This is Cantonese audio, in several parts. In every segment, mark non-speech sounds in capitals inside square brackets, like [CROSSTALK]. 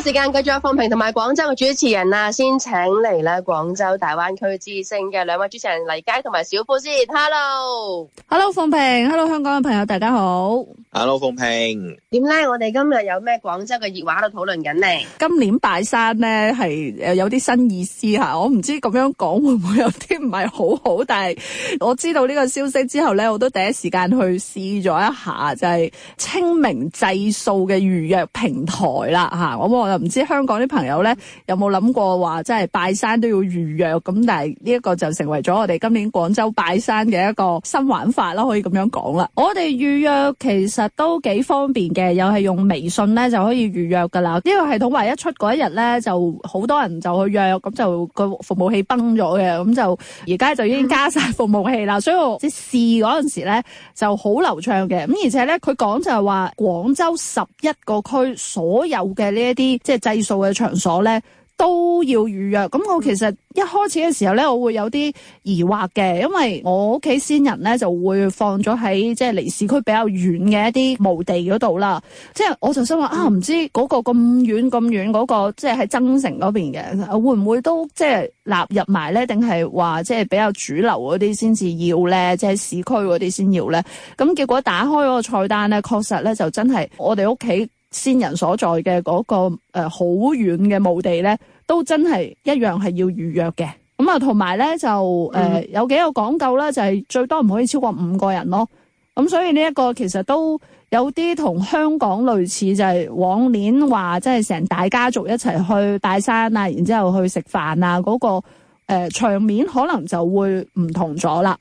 時間繼續有鳳平同埋廣州嘅主持人啦，先請嚟咧廣州大灣區之聲嘅兩位主持人黎佳同埋小夫先，Hello，Hello，鳳平，Hello，香港嘅朋友，大家好，Hello，鳳平，點咧？我哋今日有咩廣州嘅熱話喺度討論緊咧？今年拜山咧係誒有啲新意思吓，我唔知咁樣講會唔會有啲唔係好好，但係我知道呢個消息之後咧，我都第一時間去試咗一下，就係清明祭掃嘅預約平台啦吓、啊，我唔知香港啲朋友咧有冇諗過話，即係拜山都要預約咁，但係呢一個就成為咗我哋今年廣州拜山嘅一個新玩法啦，可以咁樣講啦。 [MUSIC] 我哋預約其實都幾方便嘅，又係用微信咧就可以預約噶啦。呢個系統唯一出嗰一日咧，就好多人就去約，咁就個服務器崩咗嘅，咁就而家就已經加晒服務器啦。所以我即試嗰陣時咧就好流暢嘅，咁而且咧佢講就係話廣州十一個區所有嘅呢一啲。即係祭掃嘅場所咧，都要預約。咁我其實一開始嘅時候咧，我會有啲疑惑嘅，因為我屋企先人咧就會放咗喺即係離市區比較遠嘅一啲墓地嗰度啦。即係我就想話啊，唔知嗰個咁遠咁遠嗰個，即係喺增城嗰邊嘅，會唔會都即係納入埋咧？定係話即係比較主流嗰啲先至要咧，即係市區嗰啲先要咧？咁結果打開嗰個菜單咧，確實咧就真係我哋屋企。先人所在嘅嗰、那個誒好遠嘅墓地呢，都真係一樣係要預約嘅。咁啊，同埋呢，就誒、呃嗯、有幾個講究呢，就係、是、最多唔可以超過五個人咯。咁、嗯、所以呢一個其實都有啲同香港類似，就係、是、往年話即係成大家族一齊去拜山去啊，然之後去食飯啊嗰個誒、呃、場面，可能就會唔同咗啦。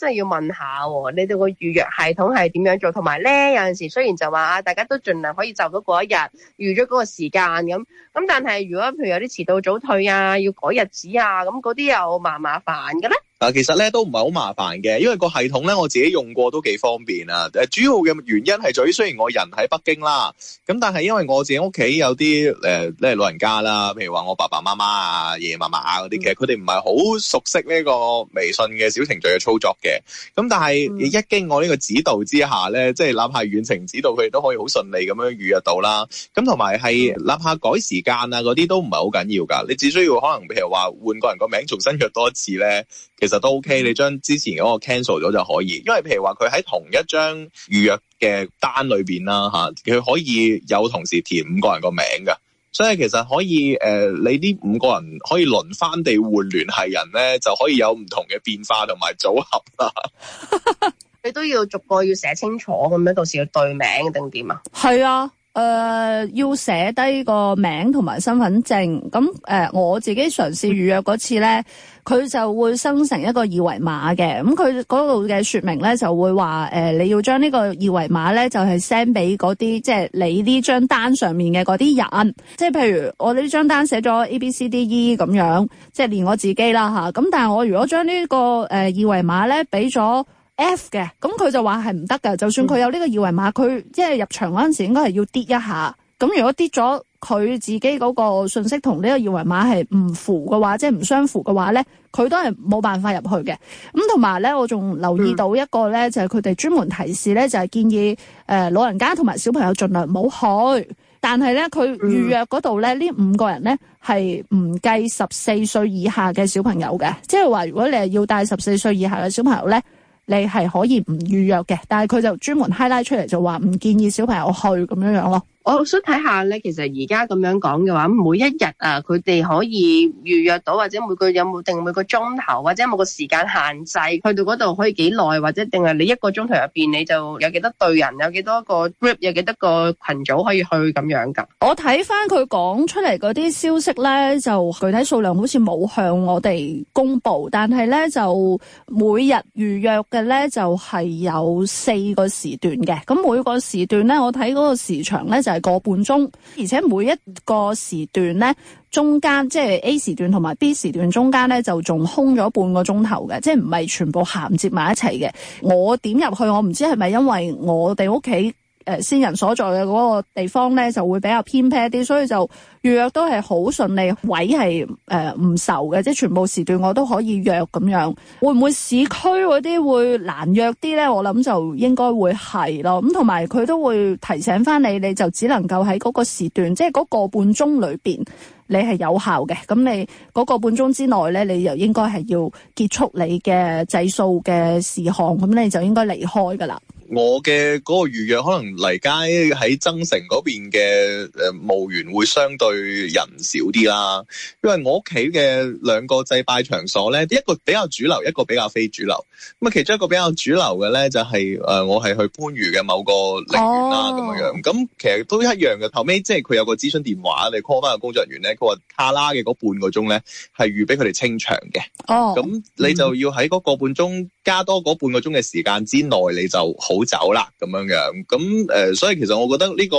真係要問下喎，你哋個預約系統係點樣做？同埋咧，有陣時雖然就話啊，大家都盡量可以就咗嗰一日預咗嗰個時間咁，咁但係如果譬如有啲遲到早退啊，要改日子啊，咁嗰啲又麻麻煩嘅咧。嗱，其實咧都唔係好麻煩嘅，因為個系統咧我自己用過都幾方便啊！主要嘅原因係，在於雖然我人喺北京啦，咁但係因為我自己屋企有啲誒、呃，老人家啦，譬如話我爸爸媽媽啊、爺爺嫲嫲啊嗰啲，嘅、嗯，佢哋唔係好熟悉呢個微信嘅小程序嘅操作嘅。咁但係一經我呢個指導之下咧，即係立下遠程指導佢哋都可以好順利咁樣預約到啦。咁同埋係立下改時間啊嗰啲都唔係好緊要㗎。你只需要可能譬如話換個人個名，重新約多一次咧，就都 OK，你將之前嗰個 cancel 咗就可以，因為譬如話佢喺同一張預約嘅單裏面啦吓，佢可以有同時填五個人個名㗎。所以其實可以誒、呃，你呢五個人可以輪番地換聯繫人咧，就可以有唔同嘅變化同埋組合啦。 [LAUGHS] 你都要逐個要寫清楚咁樣，到時要對名定點啊？係啊。誒，要寫低個名同埋身份證。咁誒，我自己嘗試預約嗰次呢，佢就會生成一個二維碼嘅。咁佢嗰度嘅說明呢，就會話誒，你要將呢個二維碼呢，就係 send 俾嗰啲，即係你呢張單上面嘅嗰啲人。即係譬如我呢張單寫咗 A B C D E 咁樣，即係連我自己啦吓。咁但係我如果將呢個誒二維碼呢，俾咗。F 嘅。咁佢就話係唔得㗎。就算佢有呢個二維碼，佢即係入場嗰陣時，應該係要跌一下。咁如果跌咗，佢自己嗰個信息同呢個二維碼係唔符嘅話，即係唔相符嘅話咧，佢都係冇辦法入去嘅。咁同埋咧，我仲留意到一個咧，就係佢哋專門提示咧，就係、是、建議誒、呃、老人家同埋小朋友盡量唔好去。但係咧，佢預約嗰度咧，呢、嗯、五個人咧係唔計十四歲以下嘅小朋友嘅，即係話如果你係要帶十四歲以下嘅小朋友咧。你係可以唔預約嘅，但係佢就專門 highlight 出嚟就話唔建議小朋友去咁樣樣咯。我想睇下咧，其實而家咁樣講嘅話，每一日啊，佢哋可以預約到，或者每個有冇定每個鐘頭或者冇個時間限制，去到嗰度可以幾耐，或者定係你一個鐘頭入邊你就有幾多隊人，有幾多個 group，有幾多個群組可以去咁樣㗎。我睇翻佢講出嚟嗰啲消息咧，就具體數量好似冇向我哋公布，但係咧就每日預約嘅咧就係有四個時段嘅。咁每個時段咧，我睇嗰個時長咧就係。個半鐘，而且每一個時段咧，中間即係 A 時段同埋 B 時段中間咧，就仲空咗半個鐘頭嘅，即係唔係全部銜接埋一齊嘅。我點入去，我唔知係咪因為我哋屋企。誒先人所在嘅嗰個地方咧，就會比較偏僻啲，所以就預約都係好順利，位係誒唔愁嘅，即係全部時段我都可以約咁樣，會唔會市區嗰啲會難約啲咧？我諗就應該會係咯。咁同埋佢都會提醒翻你，你就只能夠喺嗰個時段，即係嗰個半鐘裏邊你係有效嘅。咁你嗰個半鐘之內咧，你就應該係要結束你嘅制數嘅事項，咁你就應該離開噶啦。我嘅嗰個預約可能嚟街喺增城嗰邊嘅誒墓園會相對人少啲啦，因為我屋企嘅兩個祭拜場所咧，一個比較主流，一個比較非主流。咁啊，其中一個比較主流嘅咧就係誒我係去番禺嘅某個陵園啦咁樣。咁其實都一樣嘅，後尾即係佢有個諮詢電話，你 call 翻個工作人員咧，佢話卡拉嘅嗰半個鐘咧係預俾佢哋清場嘅。哦，咁你就要喺嗰個半鐘、oh。加多嗰半個鐘嘅時間之內，你就好。走啦咁樣樣，咁誒，所以其實我覺得呢個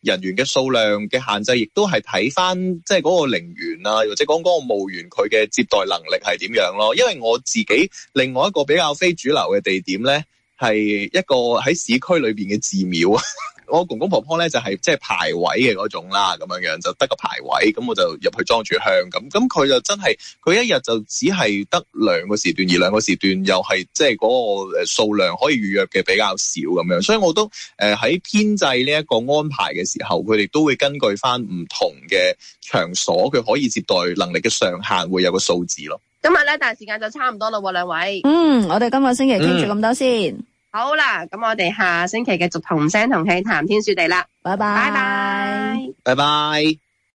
人員嘅數量嘅限制，亦都係睇翻即係嗰個陵園啊，或者講嗰個墓園佢嘅接待能力係點樣咯。因為我自己另外一個比較非主流嘅地點咧，係一個喺市區裏邊嘅寺廟啊。我公公婆婆咧就係即係排位嘅嗰種啦，咁樣樣就得個排位，咁我就入去裝住香咁。咁佢就真係佢一日就只係得兩個時段，而兩個時段又係即係嗰個誒數量可以預約嘅比較少咁樣。所以我都誒喺編制呢一個安排嘅時候，佢哋都會根據翻唔同嘅場所，佢可以接待能力嘅上限會有個數字咯。今日咧，大時間就差唔多啦喎，兩位。嗯，我哋今個星期傾住咁多先。嗯。好啦，咁我哋下星期繼續同聲同氣，談天說地啦，拜拜 bye，拜拜 bye，拜拜。